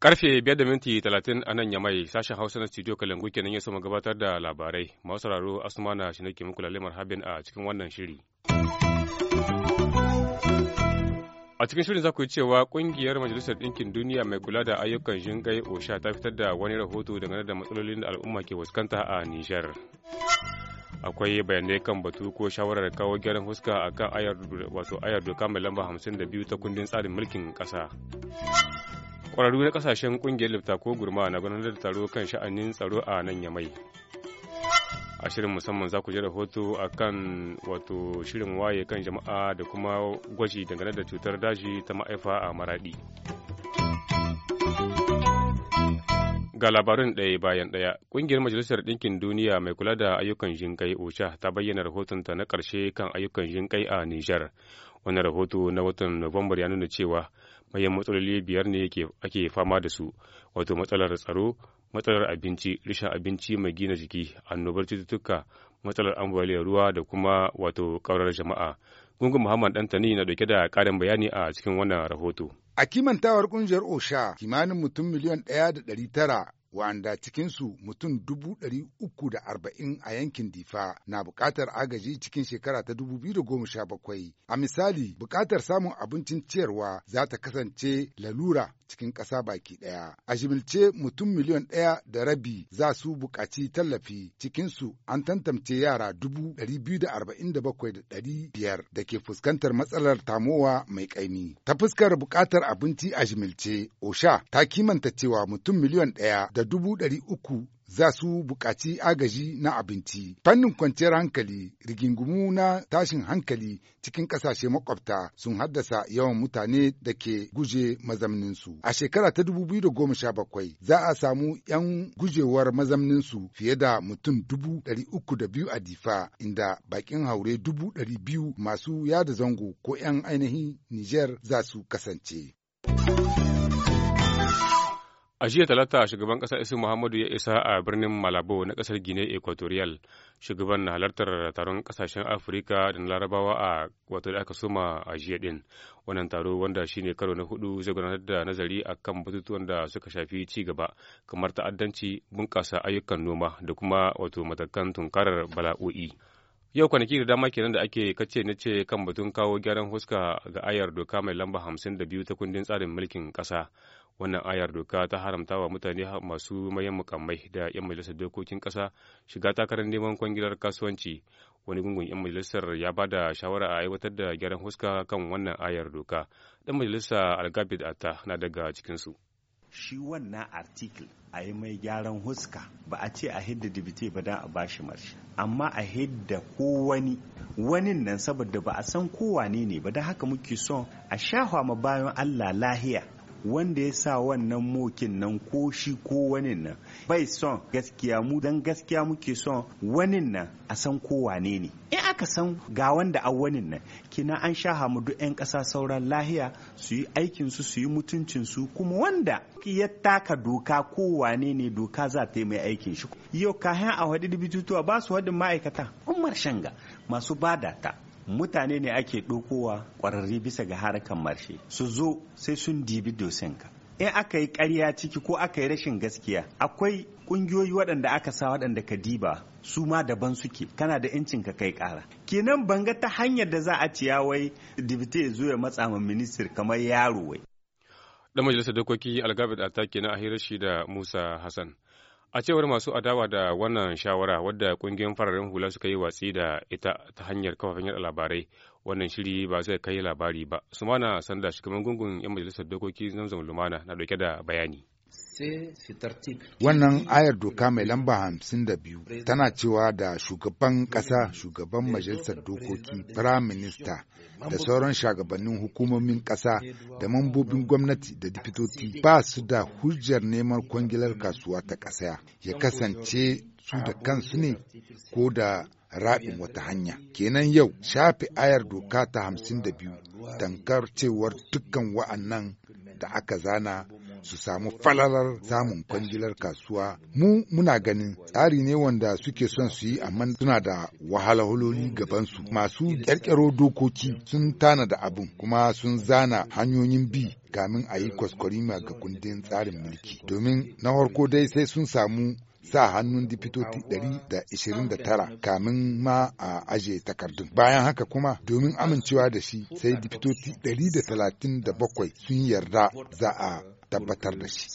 Karfe biyar da minti talatin a nan yamai sashen Hausa na studio Kalangu kenan ya sama gabatar da labarai. Masu sauraro Asmana shi ke muku lalimar a cikin wannan shiri. A cikin shirin za ku yi cewa kungiyar Majalisar Ɗinkin Duniya mai kula da ayyukan jingai OSHA ta fitar da wani rahoto dangane da matsalolin da al'umma ke fuskanta a Nijar. Akwai bayanai kan batu ko shawarar kawo gyaran fuska a kan ayar doka mai lamba 52 ta kundin tsarin mulkin ƙasa. Ƙwararru na ƙasashen ƙungiyar Lifta ko Gurma na gudanar da taro kan sha'anin tsaro a nan Yamai. a shirin musamman za ku ji rahoto a kan wato shirin waye kan jama'a da kuma gwaji dangane da cutar daji ta ma'aifa a maraɗi. Ga labarin ɗaya bayan ɗaya, ƙungiyar Majalisar Ɗinkin Duniya mai kula da ayyukan jinƙai osha ta bayyana rahotonta na ƙarshe kan ayyukan jinƙai a Nijar. Wani rahoto na watan Nuwambar ya nuna cewa mayan matsaloli biyar ne ake fama da su, wato matsalar tsaro, matsalar abinci rashin abinci mai gina jiki annobar cututtuka matsalar ambaliyar ruwa da kuma wato ƙaurar jama'a gungun muhammad dantani na dauke da ƙarin bayani a cikin wannan rahoto a kimantawar ƙungiyar osha kimanin mutum miliyan ɗaya da ɗari tara wa'anda cikinsu mutum dubu ɗari uku da arba'in a yankin difa na buƙatar agaji cikin shekara ta dubu biyu da goma sha bakwai a misali buƙatar samun abincin ciyarwa za ta kasance lalura cikin ƙasa baki ɗaya. A jimilce mutum miliyon ɗaya da rabi za su buƙaci tallafi cikinsu an tantamce yara dubu ɗari biyu da arba'in da bakwai da ɗari biyar da ke fuskantar matsalar tamowa mai ƙaimi. Ta fuskar buƙatar abinci a jimilce, OSHA ta kimanta cewa mutum miliyon ɗaya da dubu ɗari uku za su buƙaci agaji na abinci. Fannin kwanciyar hankali, rigingumu na tashin hankali cikin ƙasashe makwabta sun haddasa yawan mutane da ke guje mazamninsu. A shekara ta sha bakwai za a samu 'yan gujewar mazamninsu fiye da mutum dubu ɗari uku da biyu a difa inda bakin haure dubu ɗari biyu masu yada zango ko 'yan ainihin Nijar za su kasance. A jiya talata shugaban ƙasa Isu Muhammadu ya isa a birnin Malabo na kasar Gine Equatorial. Shugaban na halartar taron kasashen Afirka da na Larabawa a wato da aka suma a jiya din. Wannan taro wanda shine karo na hudu zai gudanar da nazari a kan batutuwan da suka shafi ci gaba kamar ta'addanci, bunƙasa ayyukan noma da kuma wato matakan tunkarar bala'o'i. yau kwanaki da dama kenan da ake kace na ce kan batun kawo gyaran huska ga ayar doka mai lamba hamsin da biyu ta kundin tsarin mulkin ƙasa wannan ayar doka ta haramta wa mutane masu mayan mukammai da 'yan majalisar dokokin ƙasa shiga takarar neman kwangilar kasuwanci wani gungun 'yan majalisar ya ba da shawara a aiwatar da gyaran huska kan wannan ayar doka ɗan majalisa algabid atta na daga cikinsu shi wannan article a yi mai gyaran huska ba a ce a hidda dibite ba don a bashi marshe amma a hidda ko wani wanin nan saboda ba a san kowane ne ba don haka muke son a shahwa ma bayan allah lahiya wanda ya sa wannan mokin nan ko shi ko wani nan bai son gaskiya mu dan gaskiya muke son wani nan a san ko wane ne in aka san ga wanda a wani nan kina an sha hamudu 'yan ƙasa sauran lahiya su yi aikin su su yi mutuncin su kuma wanda ya taka doka ko wane ne doka za ta yi mai aikin shi yau kayan a hadu bitutuwa ba su wadin ma'aikata umar shanga masu bada ta mutane ne ake ɗokowa ƙwararri bisa ga harkar marshe su zo sai sun dibi dosinka in aka yi ƙarya ciki ko aka yi rashin gaskiya akwai ƙungiyoyi waɗanda aka sa waɗanda ka diba su ma daban suke kana da incin ka kai ƙara kenan ga ta hanyar da za a ya wai dibite ya zo ya matsa ma ministir kamar yaro wai dan majalisar dokoki algabid a take na a shi da musa hassan A cewar masu adawa da wannan shawara wadda kungiyoyin fararen hula suka yi watsi da ita ta hanyar kafafen yada labarai wannan shiri ba zai kai labari ba. su Sumana Sanda shugaban gungun 'yan majalisar dokoki Zamzam Lumana na dauke da bayani. Wannan ayar doka mai lamba hamsin da biyu tana cewa da shugaban ƙasa, shugaban majalisar dokoki, firayim minista da sauran shagabannin hukumomin ƙasa da mambobin gwamnati da dipitoti ba su da hujjar neman kwangilar kasuwa ta ƙasa ya kasance su da kansu ne ko da raɗin wata hanya. Kenan yau shafe ayar doka ta hamsin da biyu tankar cewar dukkan wa'annan da aka zana su samu falalar samun kwangilar kasuwa mu muna ganin tsari ne wanda suke son su yi amma suna da wahalhaloli gabansu masu ƙirƙiro dokoki sun tana da abin kuma sun zana hanyoyin bi kamin a yi kwaskwarima ga kundin tsarin mulki domin na farko dai sai sun samu sa hannun dipitoti 129 kamin ma a aje takardun bayan haka kuma domin amincewa da shi sai dipitoti 137 sun yarda za a tabbatar da shi.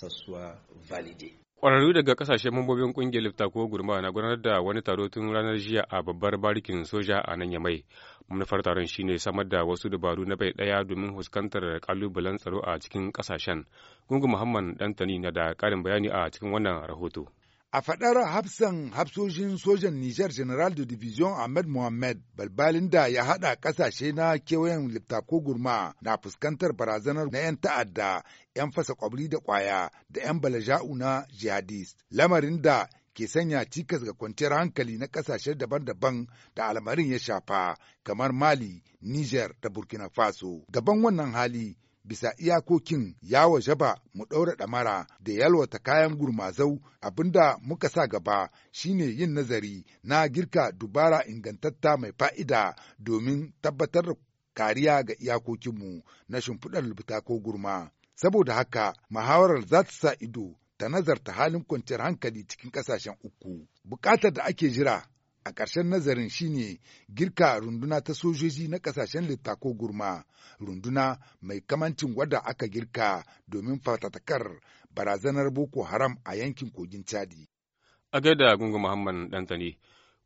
Ƙwararru daga kasashen mambobin ƙungiyar lifta ko gurma na gudanar da wani taro tun ranar jiya a babbar barikin soja a nan yamai. Manufar taron shine samar da wasu dabaru na bai ɗaya domin fuskantar kalubalen tsaro a cikin kasashen Gungun Muhammad Dantani na da ƙarin bayani a cikin wannan rahoto. A faɗar hafsan hafsoshin sojan Nijar General de Division Ahmed Mohamed balbalin da ya haɗa ƙasashe na kewayen littako Gurma na fuskantar barazanar na 'yan ta'adda, 'yan fasa kwabri da ƙwaya da 'yan balaja'u na jihadist. Lamarin da ke sanya cikas ga kwanciyar hankali na ƙasashe daban-daban da almarin ya shafa, kamar Mali, Niger da Burkina Faso. Gaban wannan hali, bisa iyakokin ya waje ba mu ɗaura ɗamara da yalwata kayan gurmazau abinda muka sa gaba shine yin nazari na girka dubara ingantatta mai fa'ida domin tabbatar da kariya ga iyakokinmu na shimfiɗar lubita ko gurma. Saboda haka, muhawarar za ta sa ido ta nazarta halin kwanciyar hankali cikin ƙasashen uku. Bukatar da ake jira a ƙarshen nazarin shine girka runduna ta sojoji na ƙasashen littako gurma runduna mai kamancin wadda aka girka domin fatatakar barazanar boko haram a yankin kogin chadi a gaida gungun muhammad dantani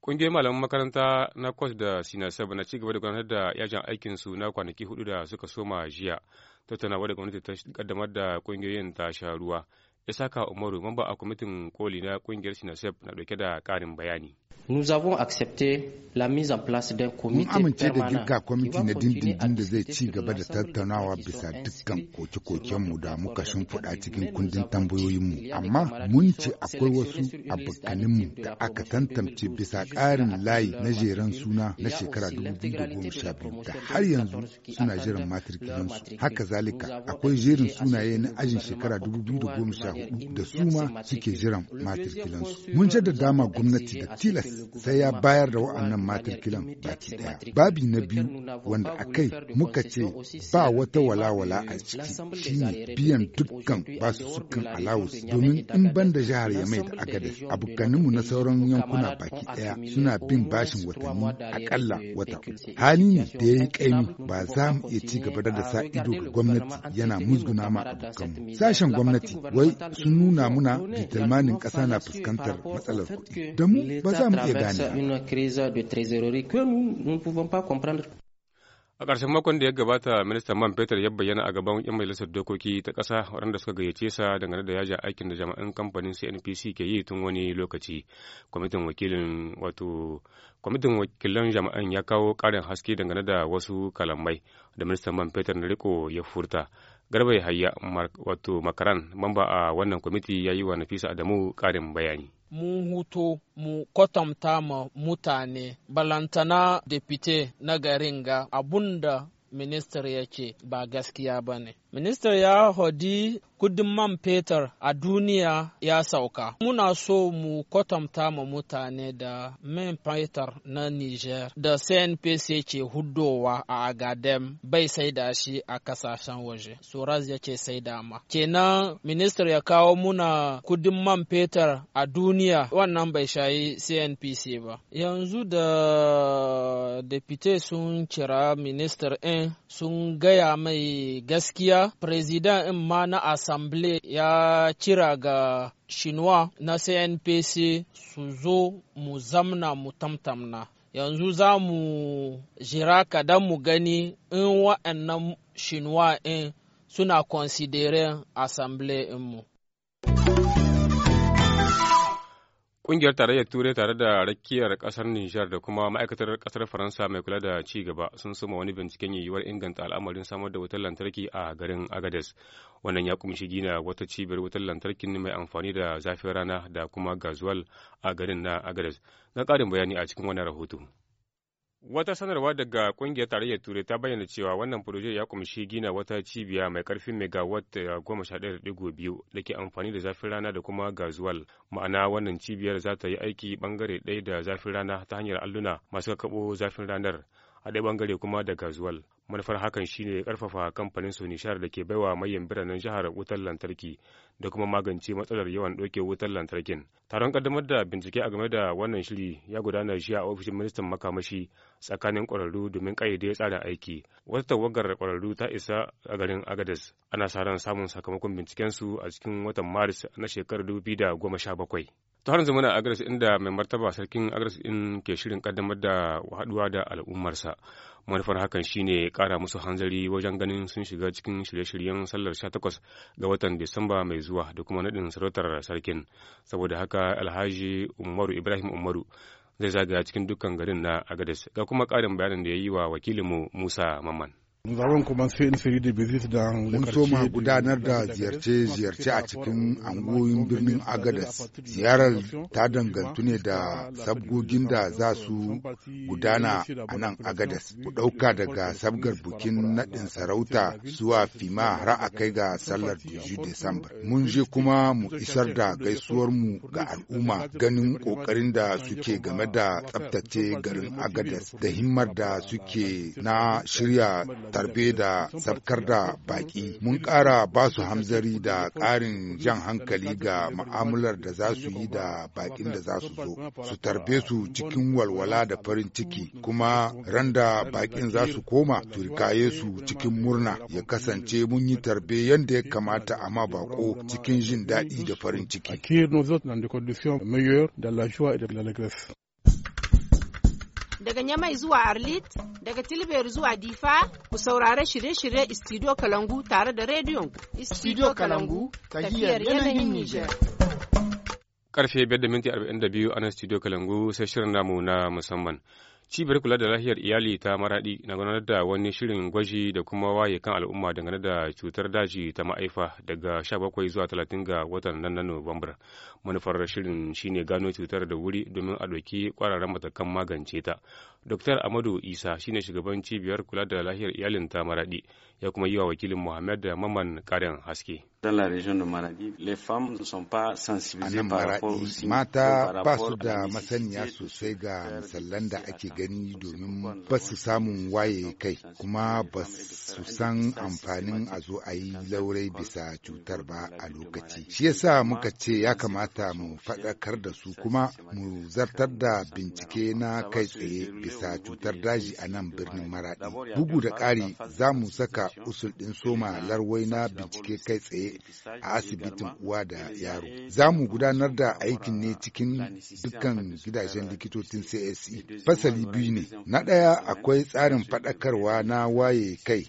Ƙungiyar malaman makaranta na kwas da sinasef na cigaba da gudanar da yajin aikinsu na kwanaki hudu da suka soma jiya. Tattaunawa da gwamnati ta kaddamar da kungiyoyin ta sha ruwa. Isaka Umaru, mamba a kwamitin koli na ƙungiyar sinasef na dauke da ƙarin bayani. Nous avons accepté la mise en place d'un comité Mun amince da girka kwamiti na dindindin da zai ci gaba da tattaunawa bisa dukkan koke-kokenmu da muka shimfiɗa cikin kundin tambayoyinmu. Amma mun ce akwai wasu abokaninmu da aka tantance bisa ƙarin layi na jeren suna na shekara da har yanzu suna jiran matirkilansu. Haka zalika akwai jerin sunaye na ajin shekara 2014 da su ma suke jiran matirkilansu. Mun jaddada ma gwamnati da tilas sai ya bayar da wa'annan kilan baki daya. Babi na biyu wanda a kai muka ce ba wata walawala a ciki shine biyan dukkan sukan alawus domin in ban da jihar Yamai da Agadez abokanninmu na sauran yankuna baki daya suna bin bashin watanni akalla wata hali ne da ya yi kaimi ba za mu iya ci gaba da sa ido ga gwamnati yana musguna ma abokanmu sashen gwamnati wai sun nuna muna bitalmanin ƙasa na fuskantar matsalar kuɗi da mu ba za mu iya gane a ƙarshen makon da ya gabata ministan man fetur ya bayyana a gaban 'yan majalisar dokoki ta ƙasa waɗanda suka gayyace sa dangane da yajin aikin da jama'an kamfanin cnpc ke yi tun wani lokaci kwamitin wakilin wato kwamitin wakilan jama'an ya kawo ƙarin haske dangane da wasu kalamai da ministan man fetur na riko ya furta garba hayya wato makaran mamba a wannan kwamiti ya yi wa nafisa adamu ƙarin bayani mun huto mu kwatanta ma mutane balantana depute na garin ga abun da ministar ya ce ba gaskiya ba ne Ministar ya hodi kudin man fetur a duniya ya sauka. Muna so mu kwatanta ma mutane da man fetur na Niger da CNPC ke hudowa a Agadem bai sai da shi a kasashen waje. Soraz ya ce saida ma. Kenan ministar ya kawo muna kudin man fetur a duniya wannan bai shayi CNPC ba. Yanzu da depute sun kira ministar ɗin sun gaya mai gaskiya jiya in ma na asambile ya kira ga shinwa na cnpc su zo mu zamna mu tamtamna yanzu za mu jira kadan mu gani in wa'annan shinwa in suna considering asambile mu. Ƙungiyar tarayyar Turai tare da rakiyar ƙasar Nijar da kuma ma'aikatar ƙasar Faransa mai kula da ci gaba sun suma wani binciken yiwuwar inganta al'amarin samar da wutar lantarki a garin Agadez. Wannan ya kumshi gina wata cibiyar wutar lantarki mai amfani da zafin rana da kuma gazuwal a garin na Agadez. Na ƙarin bayani a cikin wannan rahoto. Wata sanarwa daga kungiyar tarayyar Turai ta bayyana cewa wannan furoje ya kumshi gina wata cibiya mai karfin megawatt eh, goma sha ɗaya da biyu da ke amfani da zafin rana da kuma gazuwal. Ma'ana wannan cibiyar za ta yi aiki bangare ɗaya da zafin rana ta hanyar alluna masu kakaɓo zafin ranar a ɗaya bangare kuma da gazuwal. manufar hakan shine karfafa kamfanin su nishar da ke baiwa mayan biranen jihar wutar lantarki da kuma magance matsalar yawan doke wutar lantarkin taron kaddamar da bincike a game da wannan shiri ya gudana shi a ofishin ministan makamashi tsakanin kwararru domin ƙayyade tsarin aiki wata tawagar kwararru ta isa a garin agadez ana sa ran samun sakamakon binciken su a cikin watan maris na shekarar dubu biyu da goma sha bakwai ta har zama agres inda mai martaba sarkin agres din ke shirin kaddamar da haduwa da al'ummarsa manufar hakan shine kara musu hanzari wajen ganin sun shiga cikin shirye-shiryen sallar 18 ga watan disamba mai zuwa da kuma nadin sarautar sarkin saboda haka alhaji umaru ibrahim umaru zai zagaya cikin dukkan garin na agadez ga kuma ƙarin bayanin da ya yi wa wakilinmu musa mamman Mun soma gudanar da ziyarce-ziyarce a cikin angoyin birnin Agadas. Ziyarar ta dangantu ne da sabgogin da za su gudana a nan Agadas. Ku ɗauka daga sabgar bukin naɗin sarauta zuwa fima har a kai ga sallar 2 Desamba. Eh, Mun je kuma mu isar da eh, gaisuwar mu ga al'umma ganin ƙoƙarin da suke game da tsabtace garin Agadas da himmar da suke na shirya tarbe da sabkar da baƙi mun ƙara ba su hamzari da ƙarin jan hankali ga ma'amular da za su yi da baƙin da za su zo su tarbe su cikin walwala da farin ciki kuma ran da baƙin za su koma su su cikin murna ya kasance mun yi tarbe yadda ya kamata a ma baƙo cikin jin daɗi da farin ciki. daga Nyamai zuwa Arlit, daga Tilber zuwa Difa, ku saurare shirye-shirye studio Kalangu tare da rediyon studio Kalangu, tahiyar yanayin Nijar. Karfe 5:42 a nan Studio Kalangu sai shirin namu na musamman. cibiyar kula da lafiyar iyali ta maradi na gudanar da wani shirin gwaji da kuma waye kan al'umma dangane da cutar daji ta ma'aifa daga 17 zuwa 30 ga watan nan na nuwambar manufar shirin shine gano cutar da wuri domin a ɗauki ƙwararren matakan magance ta dr amadu isa shine shugaban cibiyar kula da lafiyar iyalin ta maradi ya kuma yi wa wakilin muhammad maman karin haske dans la région de Maradi, les femmes ne sont pas sensibilisées par rapport aux mata ba su da masaniya sosai ga masallan da ake gani domin ba su samun waye kai kuma ba su san amfanin a zo a yi laurai bisa cutar ba a lokaci shi yasa muka ce ya kamata mu faɗakar da su kuma mu zartar da bincike na kai tsaye bisa cutar daji a nan birnin Maradi bugu da ƙari za mu saka usul ɗin soma larwai na bincike kai tsaye a asibitin uwa da yaro. Za mu gudanar da aikin ne cikin dukkan gidajen likitocin CSE. Fasali biyu ne. Na ɗaya akwai tsarin faɗakarwa na waye kai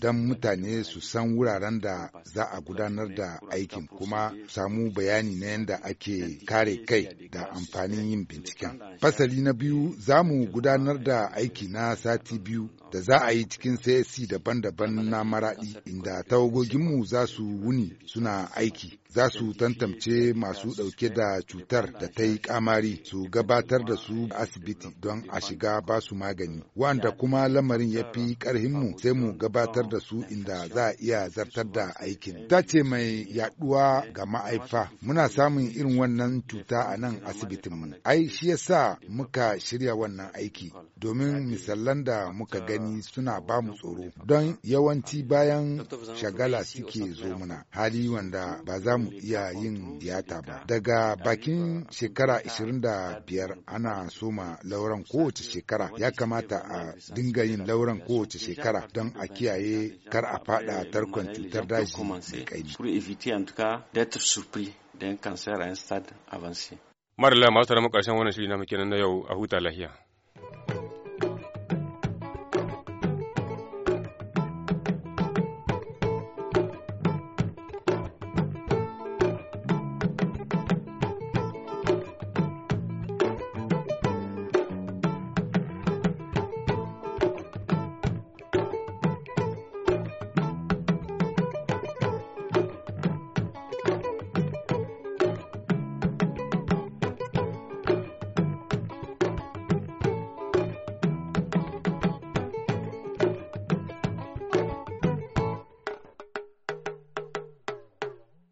don mutane su san wuraren da za a gudanar da aikin kuma samu bayani na yadda ake kare kai da amfanin yin binciken. Fasali na biyu za mu gudanar da aiki na sati biyu da za a yi cikin CSC daban-daban na maraɗi inda tawagoginmu za su wuni suna aiki za su tantamce masu ɗauke da cutar da ta yi kamari su gabatar da su asibiti don a shiga ba su magani wanda kuma lamarin ya fi ƙarhinmu sai mu gabatar da su inda za a iya zartar da aikin ta ce mai yaɗuwa ga ma'aifa muna samun irin wannan cuta a nan asibitinmu ai shi yasa muka shirya wannan aiki domin misalan da muka gani suna ba mu tsoro don yawanci bayan shagala suke zo muna hali wanda ba za mu iya yin tiyata ba. Daga bakin shekara 25 ana soma lauran kowace shekara ya kamata a dinga yin lauran kowace shekara don a kiyaye kar a fada tarkon cutar daji mai kaimi. Mara masu tara mu ƙarshen wannan shirin na na yau a huta lahiya.